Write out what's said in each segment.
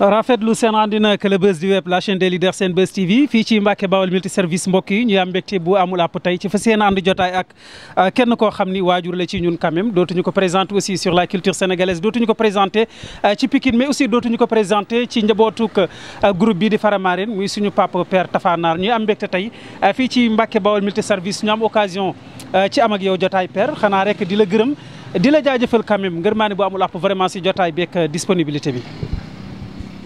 rafetlu seen àndina ak le buzz du web la chaîne des leaders Senbuzz TV fii ci Mbacke Bawol multi service mbokk yi am mbégte bu amul àpp tey ci seen ànd jotaay ak euh, kenn koo xam ni waajur la ci ñun quand même dootuñu ko présenter aussi sur la culture sénégalaise dootuñu ko présenter euh, ci Pikine mais aussi dootuñu ko présenter ci njabootuk euh, groupe bi di Faramareen muy suñu papa père Tafanaar ñuy am mbégte tey fii ci Mbacke Bawol multi service ñu am ci ama ak yow jotaay xanaa rek di la gërëm di la jaajëfal quand même ngërmaane bu amul àpp vraiment si jotaay beeg disponibilité bi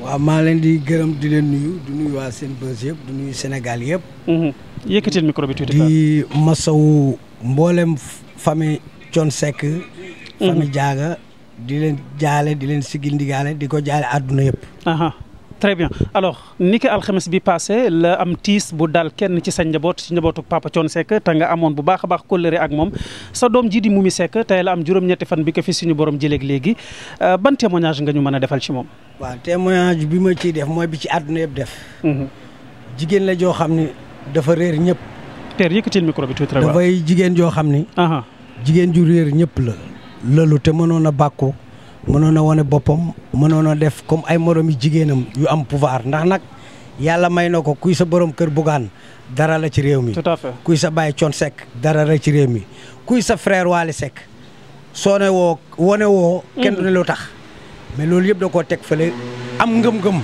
waaw maa leen di gërëm di leen nuyu du nuyu waa seen bës yëpp du nuyu Sénégal yëpp. Mhm. yëkkatil micro bi tuuti di masawu mboolem famille Thione Seck. Mhm. famille Diaga di leen jaale di leen sigil ndigaale di ko jaale àdduna yëpp. très bien alors ni ki alxames bi passé la am tiis bu dal kenn ci sañ njaboot ci njabootu Papa Thione Seck te nga amoon bu baax a baax kóllëre ak moom sa doom ji di Momy Seck tey la am juróom-ñetti fan bi ko fi suñu borom jëleeg léegi euh, ban témoignage nga ñu mën a defal ci moom. waaw témoignage bi ma ciy def mooy bi ci àdduna yëpp def. Mhm. jigéen la joo xam ni dafa réer ñëpp. teer yëkkatil micro bi tuuti dafay jigéen joo xam ni. jigéen ju réer ñëpp la. lëlu te mënoon a bàkku mënoon a wane boppam mënoon def comme ay moroomi jigéenam yu am pouvoir ndax nag yàlla may na ko kuy sa borom kër bugaan dara la ci réew mi. tout kuy sa baay Thione Seck dara la ci réew mi kuy sa frère Wally Seck ne woo wane woo. kenn lu tax. mais loolu yëpp da koo teg fële am ngëm-ngëm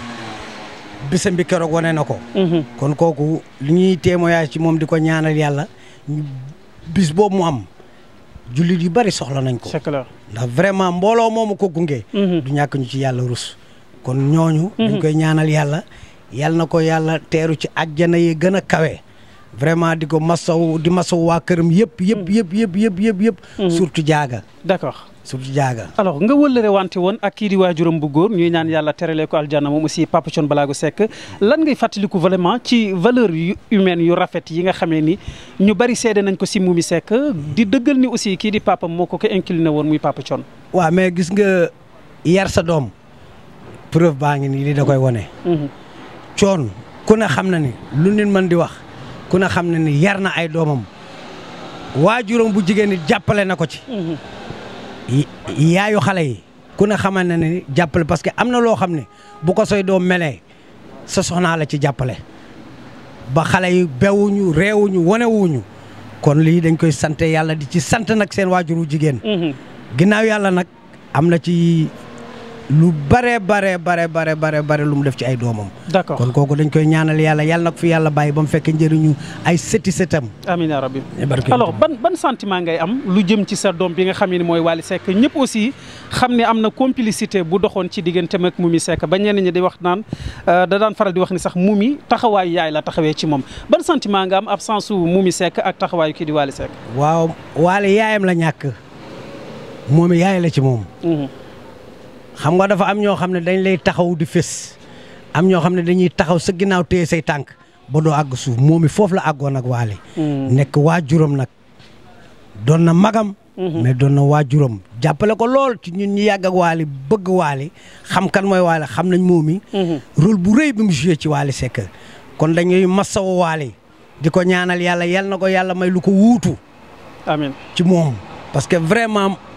bisam bi keroog wane na ko. Mhm. kon kooku li ñuy ci moom di ko ñaanal yàlla bis boobu mu am. jullit yu bari soxla nañ ko. c'est ndax vraiment mbooloo moomu ko gunge. Mhm. du ñàkk ci yàlla rus. kon ñooñu. Mhm. dañ koy ñaanal yàlla. yàlla na ko yàlla teeru ci àjjana yi gën a kawe. vraiment di ko masaw di masaw waa këram yëpp yëpp yëpp yëpp yëpp yëpp. Mhm. surtout jaaga. su jaaga alors nga wëllëre wante woon ak kii di waajuram bu góor ñuy naan yàlla terale ko aljana moom aussi Papa Thione Balago Seck lan ngay fàttaliku vraiment ci valeur humaine yu rafet yi nga xamee ni ñu bari seede nañ ko si Momy Seck di dëggal ni kii di papa moo ko ko incliné woon muy Papa Thione waaw gis nga yar sa doom preuve baa ngi nii li da koy wone mhm. Thione ku ne xam na ni lu nit mën di wax ku ne xam na ni yar na ay doomam waajuram bu yaayu xale yi ku ne xamal na ne jàppale parce que am na loo xam ne bu ko sooy doom melee sa soxnaa la ci jàppale ba xale yi bewuñu réewuñu wanewuñu kon lii dañ koy sant yàlla di ci sant nag seen waajuru jigéen mm-hmm. ginnaaw yàlla nag am na ci lu bare bare bare bare bare bare lu mu def ci ay doomam. d'accord kon kooku dañ koy ñaanal yàlla yàlla nag fi yàlla bàyyi ba mu fekkee njëriñu ay sëti sëtam. amiin yaa rabbi eh, alors ban ban sentiment ngay am lu jëm ci sa doom bi nga xam ne mooy Wally Seck ñëpp aussi xam ne am na complicité bu doxoon ci digganteem ak Moumy Seck ba ñenn ñi di wax naan euh, da daan faral di wax ni sax Moumy taxawaayu yaay la taxawee ci moom ban sentiment nga am absence su Moumy Seck ak taxawaayu kii di Wally Seck. waaw Wally yaayam la ñàkk moom yaay la ci moom. Mhm. xam nga dafa am ñoo xam ne dañ lay taxaw di fés am ñoo xam ne dañuy taxaw sa ginnaaw téye say tànk ba doo àgg suuf moom it foofu la àggoon nag waale. Mm. nekk waa waajuram nag doon na magam. Mm-hmm. mais doon na waa waajuram jàppale ko lool ci ñun ñu yàgg ak waale bëgg waale xam kan mooy waale xam nañ moom yi mm-hmm. bu rëy bi mu joué ci waale Seck kon dañuy masawu waale di ko ñaanal yàlla yàlla na ko yàlla may lu ko wuutu. amiin ci moom parce que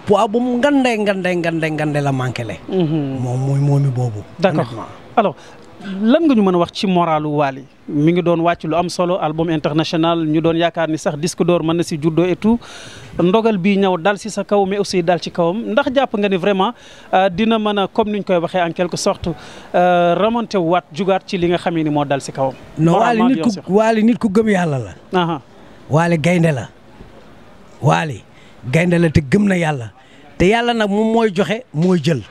poids bu mu ngandee ngandee ngandee ngandee la manqué le mhm. moom mooy moomi boobu. d'accord alors lan nga ñu mën a wax ci moralu Wally mu ngi doon wàcc lu am solo album international ñu doon yaakaar ni sax disque d'or mën na si juddoo et tout ndogal bii ñaw dal si sa kaw mais ussi dal ci kawam ndax jàpp nga ni vraiment euh, dina mën a comme ni ñu koy waxee en quelque sorte euh, remonter waat jugaat ci li nga xamee ni moo dal si kawam. non Wally nit ku nit ku gëm yàlla la. Wally gaynde la Wally gaynde la te gëm na yàlla. te yàlla nag moom mooy joxe mooy jël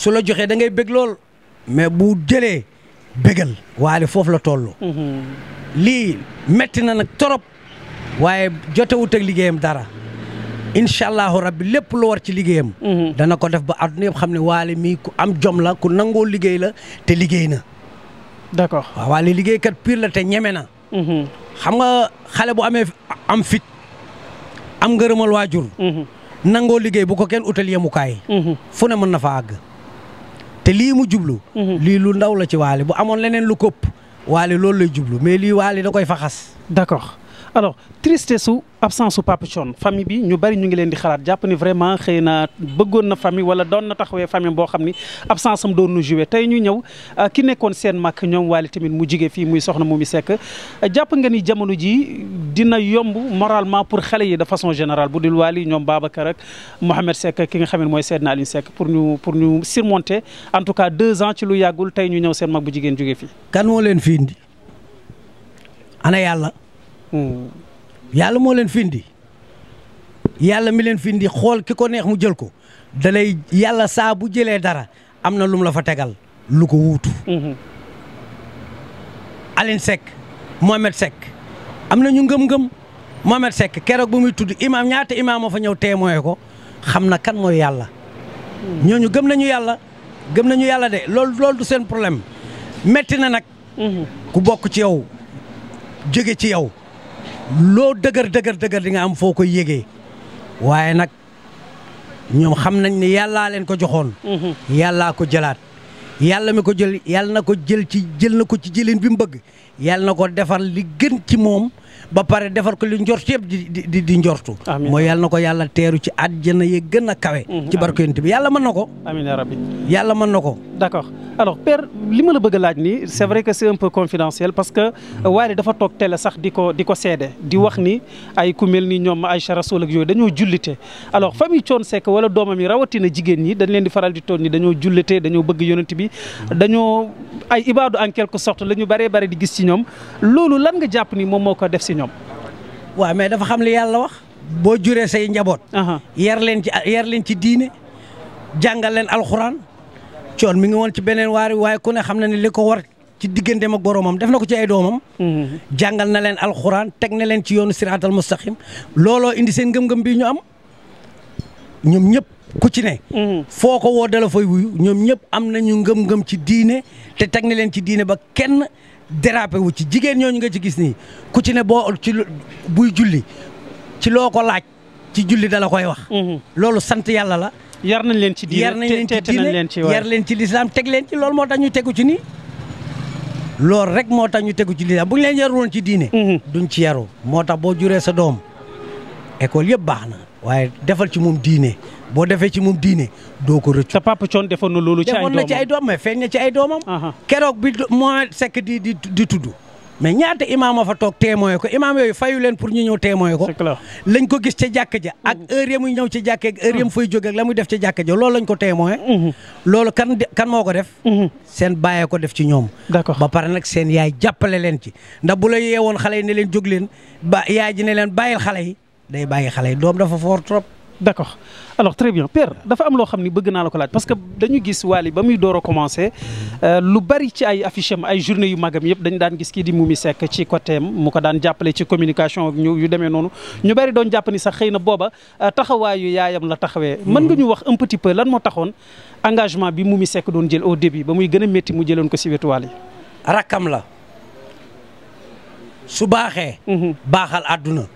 su la joxee da ngay bég lool mais bu jëlee bégal waale foofu la toll. Mm-hmm. lii metti na nag torop waaye jotewut ak liggéeyam dara incha allahu rabbi lépp lu war ci liggéeyam. Mm-hmm. dana ko def ba àdduna yëpp xam ne waale mii am jom la ku nangoo liggéey la te liggéey na. d'accord waaw waale liggéeykat pire la te ñeme na. Mm-hmm. xam nga xale bu amee am fit am ngërëmal waajur. nangoo liggéey bu ko kenn utal yemukaay. Mhm. fu a mën na fa te lii mu mhm. lii lu ndaw la ci waali bu amoon leneen lu këpp waali loolu lay jublu mais lii waali da koy faxas. d'accord. alors tristesse su absence su Pape Thione famille bi ñu bari ñu ngi leen di xalaat jàpp ni vraiment xëy na bëggoon na famille wala doon na taxawee famille boo xam ni absence am doon nu joué tey ñu ñëw ah, ki nekkoon seen mag ñoom waale tamit mu jige fii muy soxna mu Seck jàpp nga ni jamono ji dina yomb moralement pour xale yi de façon générale bu dul waali ñoom Babacar rek Mouhamed Seck ki nga xam ne mooy Seydina Alioune Seck pour ñu pour ñu surmonter en tout cas deux ans ci lu yàggul tey ñu ñëw seen mag bu jigéen jóge fii. kan leen fi indi yàlla. yàlla moo leen findi yàlla mi leen findi xool ki ko neex mu jël ko yàlla saa bu jëlee dara am na lum la fa tegal lu ko wuutu. Mhm. Aline Seck Mohamed Seck am na ñu ngëm-ngëm Mohamed Seck keroog bu muy tudd imaam ñaata imaam moo fa ñëw témoin ko xam na kan mooy yàlla. Mhm. ñooñu gëm nañu yàlla gëm nañu yàlla de loolu loolu du seen problème metti na nag. Mhm. ku bokk ci yow jóge ci yow. loo dëgër dëgër dëgër di nga am foo koy yégee waaye nag ñoom xam nañ ne yàllaa leen ko joxoon mhm. yàllaa ko jëlaat yàlla mi ko jël yàlla na ko jël ci jël na ko ci jëlin bi mu bëgg yàlla na ko defar li gën ci moom ba pare defar ko li njort yëpp di di di njortu. amiin mooy yàlla na ko yàlla teeru ci àjjana yi gën a kawe. Mm-hmm. ci barke yonent bi yàlla mën na ko. amiin yaa rabbi yàlla mën na ko. d' accord alors père li ma la bëgg laaj nii c' est vrai que c' est peu confidentiel parce que mm-hmm. euh, Wally dafa toog télé sax di ko di ko seede di wax mm-hmm. ni ay ku mel ni ñoom Aïcha Rasoul ak yooyu dañoo jullite. alors famille Thione Seck wala doomam yi rawatina jigéen ñi dañ leen di faral di toog ni dañoo jullite dañoo bëgg yonent bi dañoo ay ibaadu en quelque sorte la ñu bëree bëri di gis ci ñoom loolu lan nga jàpp ni moom moo ko def si ñoom. waaw mais dafa xam li yàlla wax. boo juree say njaboot. yar leen ci yar leen ci diine jàngal leen alxuraan coon mi nga woon ci beneen waari waaye ku ne xam na ne li ko war ci digganteem ak boromam def na ko ci ay doomam. Mhm. jàngal na leen alxuraan teg na leen ci yoonu siraatal mustaqim looloo indi seen ngëm-ngëm bii ñu am ñoom ñëpp ku ci ne. Mhm. foo ko woo dala fay wuyu ñoom ñëpp am nañu ngëm-ngëm ci diine te teg ci diine ba kenn. dérapé wu ci jigéen ñooñu nga ci gis nii ku boo ci buy julli ci loo ko laaj ci julli dala koy wax. Mhm. loolu sant yàlla la. yar nañ leen ci diine yar nañ leen ci diine yar leen ci lislaam teg leen ci loolu moo tax ñu tegu ci nii. loolu rek moo tax ñu tegu ci lislaam buñu ñu leen yaru ci diine. Mhm. duñ ci yaru moo tax boo juree sa doom école yëpp baax na. waaye defal ci moom diine boo defee ci moom diine doo ko rëccu. te papa Thione defoon na loolu. ci ay doomam defoon na feeñ na ci ay doomam. keroog bi Mohamed Seck di di di tudd. mais ñaata imaam a fa toog témoin ko imaam yooyu fayu leen pour ñu ñëw témoin ko. lañ ko gis ca jàkk ja. ak mm. heure ya muy ñëw ci jàkkee ak heure ya mu mm. fay jóge la muy def ca jàkk ja loolu lañ ko témoin. Mm-hmm. loolu kan kan moo ko def. Mm-hmm. seen bàyyee ko def ci ñoom. d'accord ba pare nag seen yaay jàppale leen ci ndax bu la yeewoon xale yi ne leen jóg leen ba yaay ji leen bàyyil xale yi day bàyyi xale yi doom dafa fort trop. d' accord alors très bien père dafa am loo xam ni bëgg naa la ko laaj parce que dañu gis Wally ba muy door a euh, lu bari ci ay affiche ay journée yu magam yëpp dañu daan gis kii di Moumy Seck ci côté am mu ko daan jàppale ci communication ñu yu demee noonu ñu bari doon jàppani sax xëy na booba euh, taxawaayu yaayam la taxawee. man hmm. nga ñu wax un petit peu lan moo taxoon engagement bi Moumy sekk doon jël au début ba muy gën a métti mu jëloon ko si wetu Wally. rakkam la su baaxal àdduna.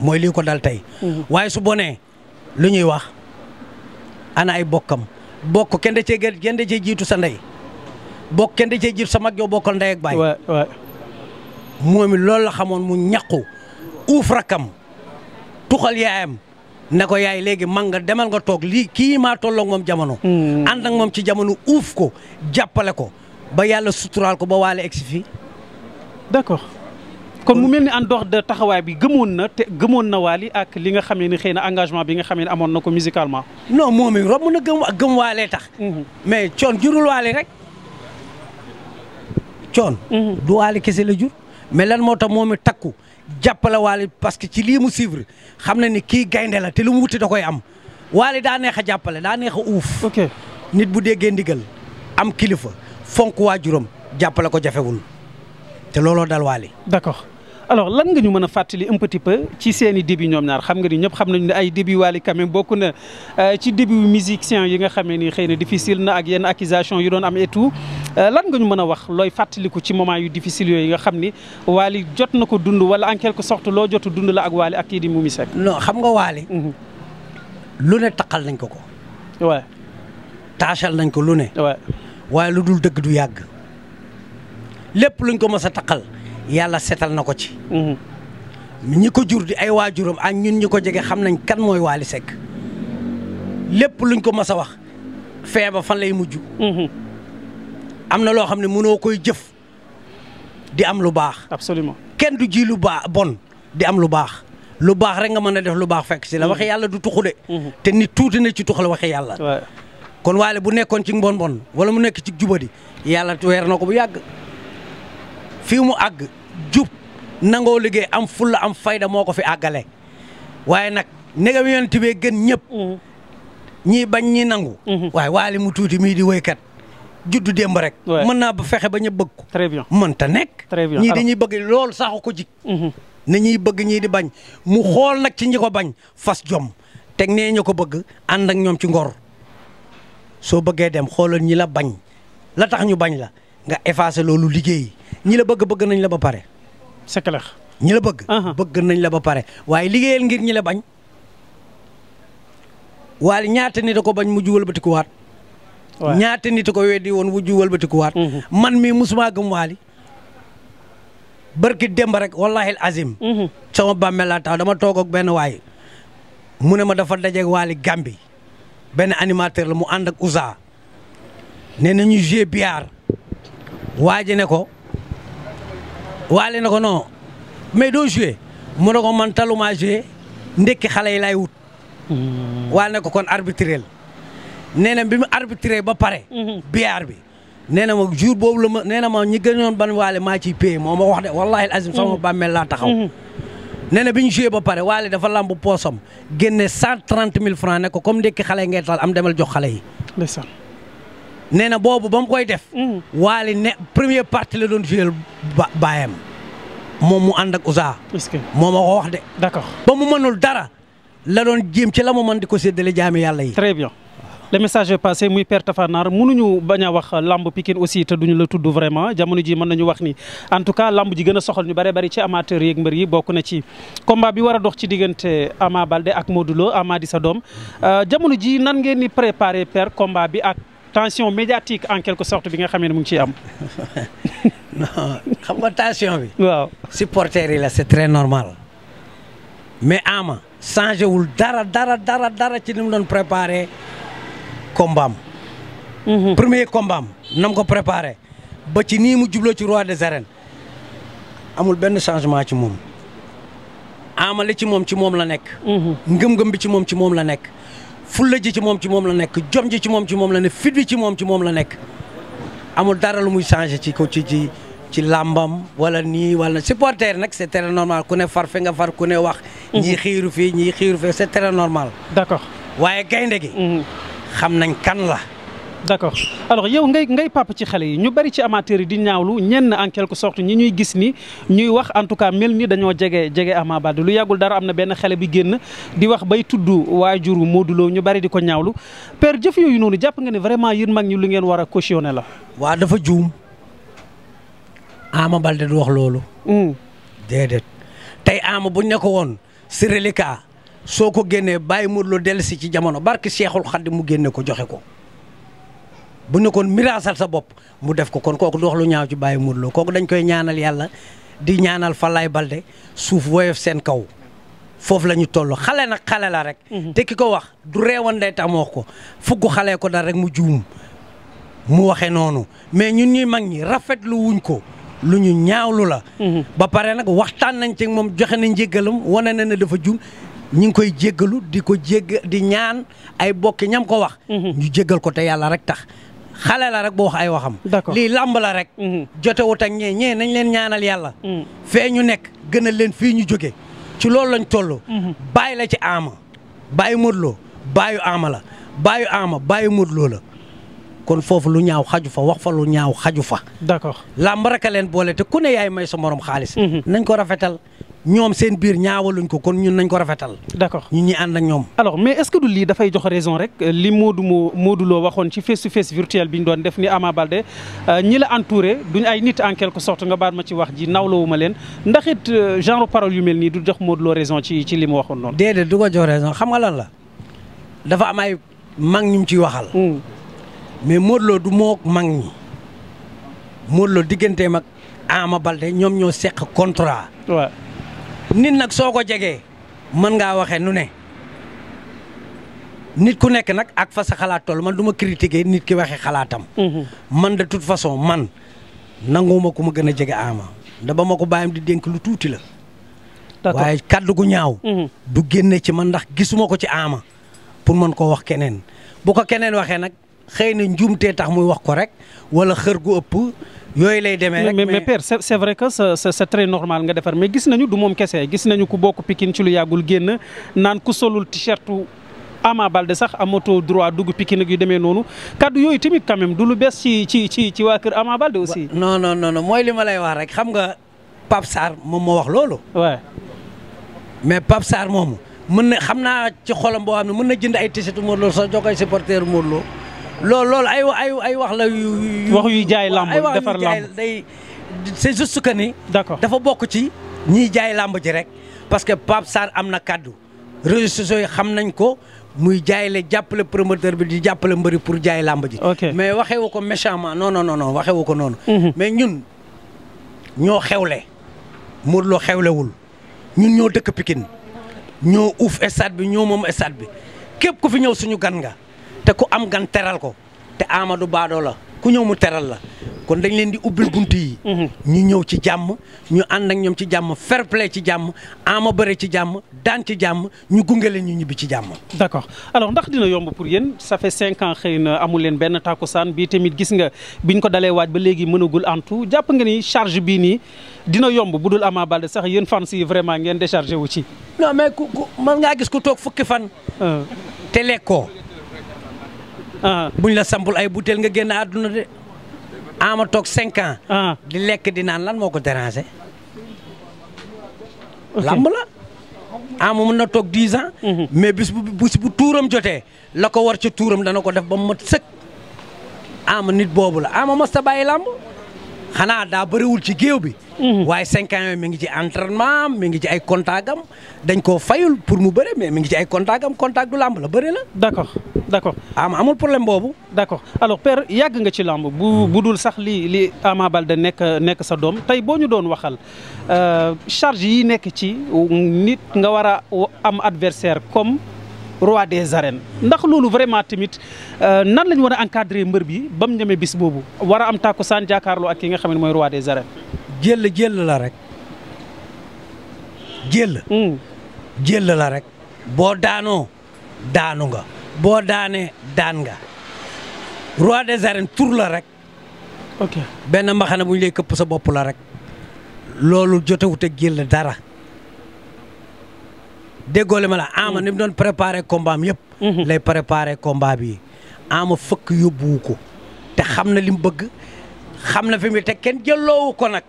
mooy lii ko dal tey. Mhm. waaye su bonee lu ñuy wax ana ay bokkam bokk kenn da cee gën kenn da cee jiitu sa ndey bokk kenn da cee jiitu sa mag yow bokkal ndey ak baay. loolu la xamoon mu ñaqu uuf rakam tuxal yaayam ne ko yaay léegi man nga demal nga toog lii kii maa tolloog moom jamono. Mhm. ànd moom ci jamono uuf ko jàppale ko ba yàlla suturaal ko ba waale egsi fii d'accord. kon mu mel ni en dox de taxawaay bi gëmoon na te gëmoon na Wally ak li nga xam ne ni xëy na engagement bi nga xam ne amoon na ko musicalement. non moom it romb na gëm gëm Wally tax. Mhm. mais coon jurul Wally rek. coon. Mhm. du Wally kese la jur. mais lan moo tax moom it takku jàppale Wally parce que ci lii mu suivre xam na ni kii gaynde la te lu mu wuti da koy am Wally daa neex a jàppale daa neex a uuf. ok nit bu déggee ndigal am kilifa fonk waa juróom jàppale ko jafewul te looloo dal Wally. d'accord. alors lan nga ñu mën a fàttali un petit peu ci seeni i ñoom ñaar xam nga ni ñëpp xam nañu ne ay début Wally quand même bokk na euh, ci début musicien yi nga xamee ni xëy na difficile na ak yenn accusation yu doon am et euh, lan nga ñu mën a wax looy ko ci moment yu difficile yooyu nga xam ni Wally jot na ko dund wala en ko sorte loo jotu dund la ak Wally ak kii di Moumi Seck. non xam nga Wally. Mhm. lu ne taqal nañ ko ko. waaw. taachal nañ ko lu ne. waaw waaye lu dul dëgg du yàgg lépp luñ ko mës a taqal. yàlla setal na ko ci. Mhm. ñi ko jur di ay waajuram ak ñun ñi ko jege xam nañ kan mooy Waly Seck lépp luñ ko mas a wax feeba fan lay mujj. Mhm. am na loo xam ne mënoo koy jëf di am lu baax. absolument kenn du ji lu baax bon di am lu baax. lu baax rek nga mën a def lu baax fekk si la mhm. waxe yàlla du tuxu de. te nit tuuti na ci tuxal waxe yàlla. kon waale bu nekkoon ci mbon bon wala mu nekk ci jubadi yàlla weer na ko bu yàgg. fii mu àgg jub nangoo liggéey am fulla am fayda moo ko fi àggale waaye nag negam yonent gën ñëpp mm-hmm. ñii bañ ñi nangu mm-hmm. waaye waali mu tuuti mii di wéykat juddu démb rek mën naa ba fexe ba ñu bëgg ko très bien mën ta nekk ñii dañuy bëgg loolu saxu ko jik mm-hmm. na ñuy bëgg ñii di bañ mu xool nag ci ñi ko bañ fas jom teg nee ñu ko bëgg ànd ak ñoom ci ngor soo bëggee dem xoolal ñi la bañ la tax ñu bañ la nga effacer loolu liggéey ñi la bëgg bëgg nañ la ba pare. c'est clair. bëgg. Uh-huh. bëgg nañ la ba pare waaye liggéeyal ngir ñi la bañ. waaye ñaata nit ko bañ mujj wëlbatikuwaat. waaw ñaata nit ko weddi woon mujj wëlbatikuwaat. Mm-hmm. man mii musuma gëm waali barki démb rek wallaahi azim. Mm-hmm. sama bàmmeel laa taw dama toog benn waay. mu ne ma dafa dajeeg waali Gambi benn animateur la mu ànd ak nee nañu jouer billard waa ji ne ko waale ne ko non mais doo joué mu ne ko man taluma joué ndekki xale yi laay wut. Hmm. waale ne ko kon arbitré la nee na bi mu arbitré ba pare. Hmm. biyaar bi nee na ma jour boobu la ma nee na ma ñi gënoon ban waale maa ciy payé moo ma wax de wallaahi azim sama hmm. bàmmeel laa taxaw. nee na bi ñu joué ba pare waale dafa lamb poosam génne cent trente mille franc ne ko comme ndekki xale yi ngay tal am demal jox xale yi. ndeysaan. nee na boobu ba mu koy def. Mm. waale ne premier parti la doon joué ba baayam moom mu ànd ak Ousa. est-ce que moo ma wax de. d'accord ba mu mënul dara la doon jéem ci la mu mën di ko séddale jaami yàlla yi. très bien. le message est passé muy Père Tafanaar mënuñu bañ wax lamb Pikine aussi te duñu la tudd vraiment jamono ji mën nañu wax ni en tout cas lamb ji gën a ñu bare bari ci amateur yeeg mbër yi bokk na ci combat bi war a dox ci diggante Ama Balde ak Modou Lo Ama di sa doom euh, jamono ji nan ngeen ni préparé Père combat bi ak. tension médiatique en quelque sorte bi nga xamee ne mu ngi ciy am. non xam nga tension bi. waaw yi la c'est très normal. mais Ama changé wul dara dara dara dara ci ni mu doon préparé combat mhm. premier combat am ko préparé ba ci nii mu jubloo ci roi des arènes amul benn changement ci moom. Ama li ci moom ci moom la nekk. Mhm. ngëm-ngëm bi ci moom ci moom la nekk. fulla ji ci moom ci moom la nekk jom ji ci moom ci moom la nekk fit ci moom ci moom la nekk amul dara lu muy changé ci ko ci ci ci làmbam wala nii wala supporter nag c'est très normal ku ne far fi nga far ku ne wax. Mhm. ñii xiiru fii ñii xiiru fii c'est très normal. d'accord waaye gaynde gi. Mhm. xam nañ kan la. d'accord alors yow ngay ngay papa ci xale yi ñu bari ci amateurs yi di ñaawlu ñenn en quelque sorte ñi ñuy gis nii ñuy wax en tout cas mel ni dañoo jege jege amaa Baldé lu yàggul dara am na benn xale bi génn di wax bay tudd waajuru Modou Lo ñu bari di ko ñaawlu père jëf yooyu noonu jàpp nga ne vraiment yéen mag ñi lu ngeen war a cautionné la. waa dafa juum Ama Baldé du wax loolu. Hmm. déedéet tey Ama buñ ne ko woon sirélika soo ko génnee bàyyi Modou Lo dellusi ci jamono barke Cheikhul Khadim mu génne ko joxe ko. bu ne kon miraasal sa bopp mu def ko kon kooku du lu ñaaw ci Baye Modou Lo kooku dañ koy ñaanal yàlla di ñaanal Falaye Balde suuf woyof seen kaw foofu la ñu toll xale nag xale la rek. Mhm. te ki ko wax du reewan day tax mu wax ko fukk xale ko dal rek mu juum mu waxee noonu mais ñun ñuy mag ñi rafetlu wuñ ko lu ñu ñaawlu la. Mhm. ba pare nag waxtaan nañ ci moom joxe na njéggalam wane na ne dafa juum. ñu ngi koy jéggalu di ko jégg di ñaan ay bokki ñam ko wax. Mhm. xale la rek bu wax ay waxam. lii làmb la rek. Mhm. jotewut ak ñee ñee nañ leen ñaanal yàlla. Mhm. fee ñu nekk gënal leen fii ñu jóge ci lool lañ toll. Mhm. bàyyi la ci ama bàyyi modloo bàyyi ama la bàyyi ama bàyyi modloo la kon foofu lu ñaaw xaju fa wax fa lu ñaaw xaju fa. d'accord làmb rek a leen boole te ku ne yaay may sa xaalis. nañ ko rafetal. ñoom seen biir ñaawaluñ ko kon ñun nañ ko rafetal. d'accord ñun ñi ànd ak ñoom. alors mais est-ce que du lii dafay jox raison rek euh, li Modou moo Modou Lo waxoon ci face to face bi ñu doon def ni Ama Baldé euh, ñi la entouré duñ ay nit en quelque nga baal ma ci wax ji nawloowu ma leen ndax it euh, genre parole yu mel nii du jox Modou raison ci ci li mu waxoon noonu. déedéet du ko jox raison xam nga lan am ay mag ñu ciy waxal. Hmm. mais Modou du mook mag ñi Modou Lo digganteem ak Ama Baldé ñoom ñoo seq contrat. nit nag soo ko jegee man ngaa waxee nu ne nit ku nekk nag ak fasa sa xalaat toll man du ma critiquer nit ki waxee xalaatam. Mhm. man de toute façon man nanguma ku ma gën a jege Ama da ba ma ko bàyyam di dénk lu tuuti la. waaye kaddu gu ñaaw. Mhm. du génne ci man ndax gisuma ko ci Ama pour mën koo wax keneen bu ko keneen waxee nag. xëy na njuumtee tax muy wax ko rek wala xër gu ëpp yooyu lay demee rek mais mais père c'est vrai que sa c'est très normal nga defar mais gis nañu du moom kese gis nañu ku bokk Pikine ci lu yàggul génn naan ku solul t-shirt Ama Baldé sax amatoo droit dugg Pikine ak yu demee noonu kaddu yooyu tamit quand même du lu bees ci ci ci ci waa kër Ama Baldé aussi. non non non mooy li ma lay wax rek xam nga Pape Sarr moom moo wax loolu. waaw mais Pape Sarr moomu mën na xam naa ci xolam boo xam ne mën na jënd ay t-shirt Modou Lo sax jox ay supporter Modou Lo lool loolu ay ay ay wax la yu. wax yuy jaay làmb defar làmb day c'est juste que ni. d'accord dafa bokk ci ñiy jaay làmb ji rek. parce que Pape Sarr am na kàddu réseaux sociaux yi xam nañ ko muy jaayale jàppale promoteur bi di jàppale mbëri pour jaay làmb ji. mais waxewu ko méchamment non non non waxewu ko noonu. Mhm. mais ñun ñoo xewle. Modou Lo xewlewul ñun ñoo dëkk Pikine ñoo uuf stade bi ñoo moom stade bi képp ku fi ñëw suñu gan nga. te ku am gan teral ko te Amadou Badoo la ku ñëw mu teral la kon dañ leen di ubbil bunt yi. Mhm. ñu ñëw ci jàmm ñu ànd ak ñoom ci jàmm fair play ci jàmm ama bëre ci jàmm daan ci jàmm ñu gunge leen ñu ñibbi ci jàmm. d' accord alors ndax dina yomb pour yéen ça fait cinq ans xëy na amul leen benn takkusaan bii tamit gis nga biñ ko dalee waaj ba léegi mënagul tout jàpp nga ni charge bii nii dina yomb bu dul Ama Baldé sax yéen fans si vraiment ngeen déchargé wu ci. mais ku man ngaa gis ku toog fukki fan. Euh. te lekkoo Ah. buñ la sampul ay butéel nga génn àdduna de ama toog cinq ans ah. di lekk di naan lan moo ko dérangé lamb la ama mën na toog dix ans mhm. mais bis bu tuuram jote la ko war ci tuuram dana ko def ba mu mat sëkk ama nit boobu la ama masta bàyyi lamb xanaa daa bëriwul ci géew bi. Mhm. waaye cinq ans yooyu mi ngi ci entraînement mi ngi ci ay contagam dañ koo fayul pour mu bëre mais mi ngi ci ay contact am contact du làmb la bëri la. d' accord accord am amul problème boobu. d' accord alors père yàgg nga ci làmb bu bu dul sax li li Ama Baldé nekk nekk sa doom tey boo ñu doon waxal euh, charge yi nekk ci nit nga war a am adversaire comme. roi des arènes ndax loolu vraiment tamit euh, nan la ñu war a encadrer mbër bi ba mu ñemee bis boobu war a am tàkkusaan jàkkaarloo ak ki nga xam ne mooy roi des arènes. jël jël la rek jël. Hmm. jël la rek. boo daanoo daanu nga. boo daanee daan nga. roi des arènes tur la rek. ok benn mbaxana bu ñu lay këpp sa bopp la rek. loolu jotewut ak jël dara. déggoo li ma la mm. ama ni mu doon préparé combat am yëpp. Mm-hmm. lay préparé combat bi ama fëkk yóbbuwu ko te xam na li mu bëgg xam na fi mu te kenn jëloowu ko nag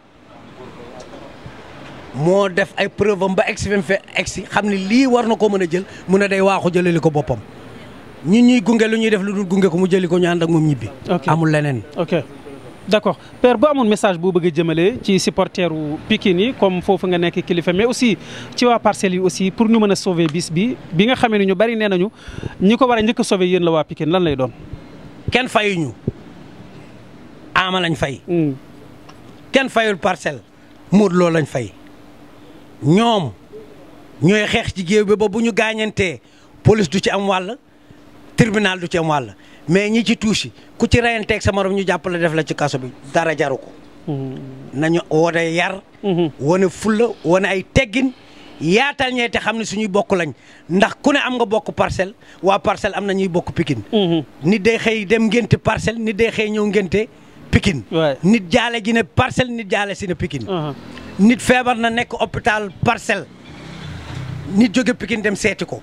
moo def ay preuve ba ex fi fe egsi xam ne lii war na ko mën a jël mu ne day waaxu jëlali ko boppam ñun ñuy gunge lu ñuy def lu dul gunge ko mu jëli ko ñu ànd ak moom ñibbi. amul d'accord per bu amoon message boo bëgg a jëmale ci supporteru Pikine yi comme foofu nga nekk kilifa mais aussi ci waa parcelles yi aussi pour ñu mën a sauver bis bi bi nga xamee ne ñu bari nee nañu ñi ko war a njëkk a sauver yéen la waa Pikine lan lay doon. kenn fayuñu ama lañ fay. Hmm. kenn fayul parcelle Modou Lo lañ fay ñoom ñooy xeex ci géew bi ba bu ñu gaañantee police du ci am wàll tribunal du ci am wàll. mais ñi ci tuusi ku ci reyanteeg sa morom ñu jàpp jàppale def la ci kaso bi dara jaru ko. Mm-hmm. nañu wane yar. Mm-hmm. wane fulla wane ay teggin yaatal ñee te xam ne suñuy bokk lañ ndax ku ne am nga bokk parcelle waa parcelle am na ñuy bokk pikin. Mm-hmm. nit day xëy dem ngénte parcelle nit day xëy ñëw ngénte pikin. nit jaale gi ne parcelle nit jaale si ne pikin. Uh-huh. nit feebar na nekk hôpital parcelle nit jóge pikin dem seeti ko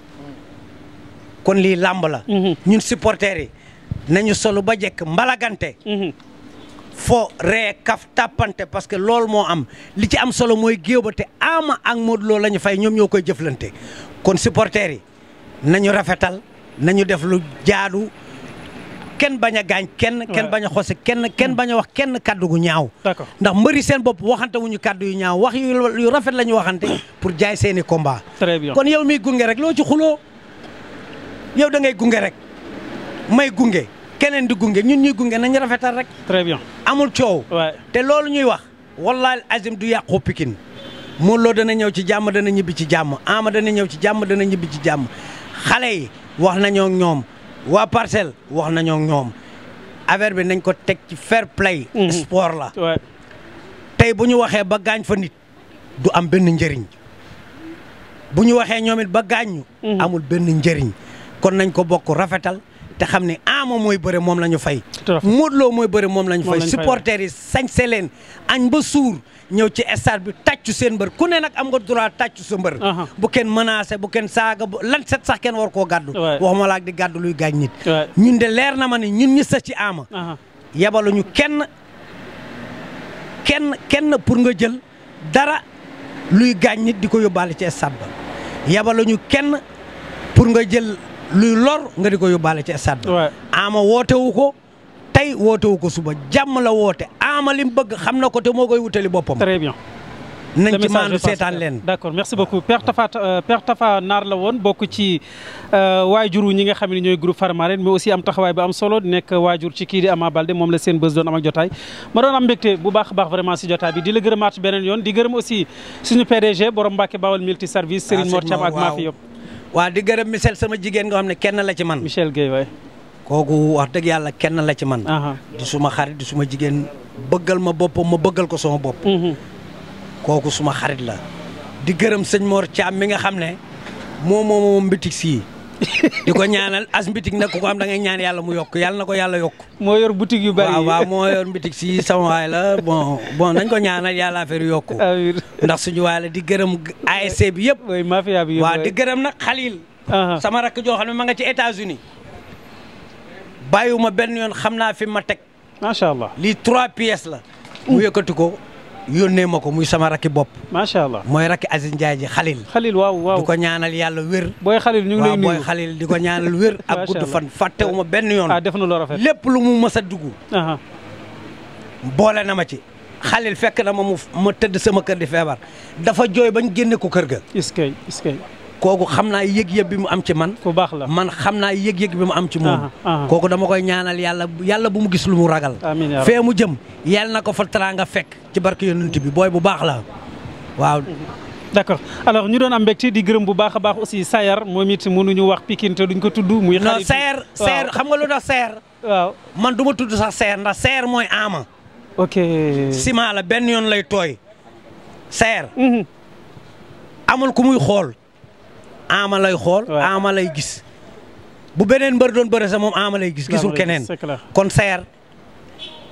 kon lii làmb la. ñun supporters yi. nañu solu ba jekk mbalagante mhm. fo ree kaf tàppante parce que loolu moo am li ci am solo mooy géew ba te Ama ak Modou Lo la ñu fay ñoom ñoo koy jëflante kon supporters yi nañu rafetal nañu def lu jaadu kenn bañ gaañ kenn kenn bañ a xose kenn kenn mm. bañ a wax kenn kaddu gu ñaaw ndax mbëri seen bopp waxante ñu kaddu yu ñaaw wax yu rafet la ñu waxante pour jaay seeni kombaa très bien kon yow miy gunge rek loo ci xuloo yow da ngay gunge rek may gunge keneen di gunge ñun ñuy gunge nañu rafetal rek. très bien amul coow. te loolu ñuy wax wallaahi azim du yàqu Pikine Modou Lo dana ñëw ci jàmm dana ñibbi ci jàmm Ama dana ñëw ci jàmm dana ñibbi ci jàmm xale yi wax nañoo ñoom waa parcelle wax nañoo ñoom affaire bi nañ ko teg ci fair play. Mhm. sport la. tey bu ñu waxee ba gaañ fa nit du am benn njëriñ bu ñu waxee ñoom ba gaañ ñu mhm. amul benn njëriñ kon nañ ko bokk rafetal. te xam ne ah mooy bëre moom la ñu fay. Modou Lo mooy bëre moom la ñu fay. supporters yi sañse leen añ ba suur ñëw ci stade bi tàccu seen mbër ku ne nag am nga droit tàccu sa mbër. bu kenn menacé bu kenn saaga bu lan set sax kenn war koo gàddu. waxuma la ak di gàddu luy gaañ nit. ñun de leer na ma ne ñun ñi sa ci ama. yabaluñu kenn kenn kenn pour nga jël dara luy gaañ nit di ko yóbbaale ci stade ba yabaluñu kenn pour nga jël. luy lor nga di ko yóbbaale ci stade bi. ama wootewu ko tey wootewu ko suba jàmm la woote ama li bëgg xam na ko te moo koy wutali boppam. très bien. nañ leen d' accord merci beaucoup Père Tafa euh, Père Tafa Naar la woon bokk ci euh, waajuru ñi nga xam ne ñooy groupe Farmaren mais aussi am taxawaay bu am solo nekk waajur ci kii di Balde moom la seen bés doon am ak jotaay ma doon am mbégte bu baax a baax vraiment si jotaay bi di la gërëmaat beneen yoon di gërëm aussi suñu PDG borom Mbacke Bawal multi service Serigne Mor Thiam ak maa fi yëpp waa di gërëm Michel sama jigéen nga xam ne kenn la ci man. Michel Guèye waay. kooku wax dëgg yàlla kenn la ci man. di suma xarit di suma jigéen bëggal ma boppam ma bëggal ko sama bopp. Mhm. kooku suma xarit la. di gërëm sëñ Mor Thiam mi nga xam ne moo moom moom bitik sii di ko ñaanal as mbitik nag ku ko am da nga ñaan yàlla mu yokk yàlla na ko yàlla yokk moo yor boutique yu bari moo yor mbitik si sama waay la bon bon nañ ko ñaanal yàlla affaire yokk ndax suñu waay la di gërëm ASC bi yëpp mafia bi waaw di gërëm nag Khalil uh-huh. sama rakk joo xam ne ma nga ci États-Unis bàyyiwuma benn yoon xam naa fi ma teg macha allah lii trois pièces la mu yëkkati ko yónnee ma ko muy sama rakki bopp. macha allah mooy rakki Aziz Ndiaye ji xalil. xalil waaw waaw di ko ñaanal yàlla wér. booy xalil ñu ngi lay nuyu waaw booy xalil di ko ñaanal wér. ak gudd fan fàttewu ma benn yoon. ah def na lu rafet lépp lu mu mës dugg. boole na ma ci. xalil fekk na ma mu ma tëdd sama kër di feebar dafa jooy bañ génne ko kër ga. iskay iskay kooku xam naa yëg-yëg bi mu am ci man. ku baax la man xam naa yëg-yëg bi mu am ci moom. kooku dama koy ñaanal yàlla yàlla bu mu gis lu mu ragal. amiin mu jëm yàlla na ko fa teraanga fekk ci barke yonent bi booy bu baax la waaw. d' accord alors ñu doon am bekk di gërëm bu baax a baax aussi Sayar moom it ñu wax Pikine te duñ ko tudd. muy xarit non Sayar xam nga lu tax Sayar. man du ma tudd sax Sayar ndax Sayar mooy ama. ok ciment la benn yoon lay tooy. Sayar. Mhm. amul ku muy xool. ama lay xool. ama lay gis. bu beneen mbër doon bëre sa moom ama lay gis. gisul keneen kon Sayer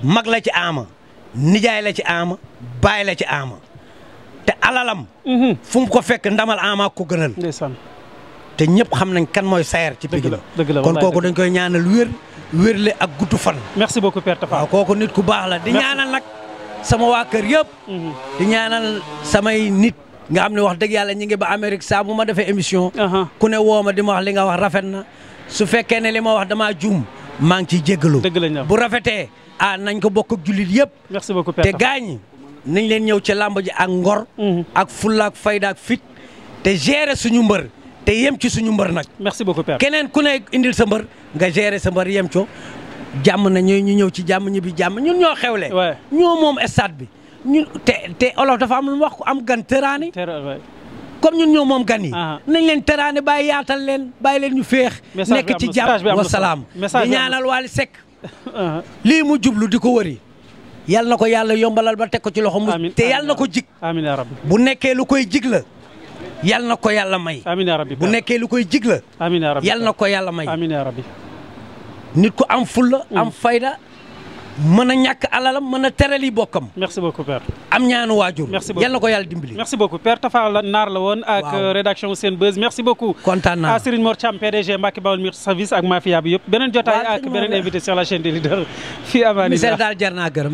mag la ci ama nijaay la ci ama baay la ci ama te alalam. Mhm. fu ko fekk ndamal ama ko gënal. te ñëpp xam nañ kan mooy sayar ci Pikine kon kooku dañ koy ñaanal wér wérle ak gudd fan. merci beaucoup Père Tapha kooku nit ku baax la di ñaanal nag sama waa kër yëpp. Mhm. di ñaanal samay nit. nga xam ne wax dëgg yàlla ñi ngi ba Amérique saa bu ma defee émission. ku ne woo ma di ma wax li nga wax rafet na su fekkee ne li ma wax damaa juum maa ngi ciy jégalu. bu rafetee ah nañ ko bokk ak jullit yëpp. merci beaucoup te gaañ nañ leen ñëw ci làmb ji ak ngor. Mhm. ak fulla ak fayda ak fit te gérer suñu mbër. te yem ci suñu mbër nag. merci beaucoup père keneen ku ne indil sa mbër nga gérer sa mbër yem co jàmm nañu ñu ñëw ci jàmm ñibbi jàmm ñun ñoo xewle. ñoo moom stade bi. ñun te te olof dafa am wax ko am gan tëraani. comme ñun ñoo moom gani nañ leen tëraani bàyyi yaatal leen bàyyi leen ñu féex. nekk ci jàmm wa salaam. di ñaanal Wally sekk lii mu jublu di ko wëri. yal na ko yàlla yombalal ba teg ko ci loxo mu te yal na ko jig. amiin yaa bu nekkee lu koy jig la. yal na ko yàlla may. amiin yaa bu nekkee lu koy jig la. amiin yal na ko yàlla may. nit ku am fulla hmm. am fayda. mën a ñàkk alalam mën a terali bokkam. merci beaucoup père. am ñaan waajur. merci beaucoup yal na ko yàlla dimbali. merci beaucoup père Tafa la naar la woon. ak euh, rédaction Senbuzz merci beaucoup. kontaan naa Serigne Mor Thiam PDG Mbacke Bawol Mir service ak mafia bi yëpp. beneen jotaay ak beneen invité sur la chaîne des leaders fii Amady. monsieur daal jar naa gërëm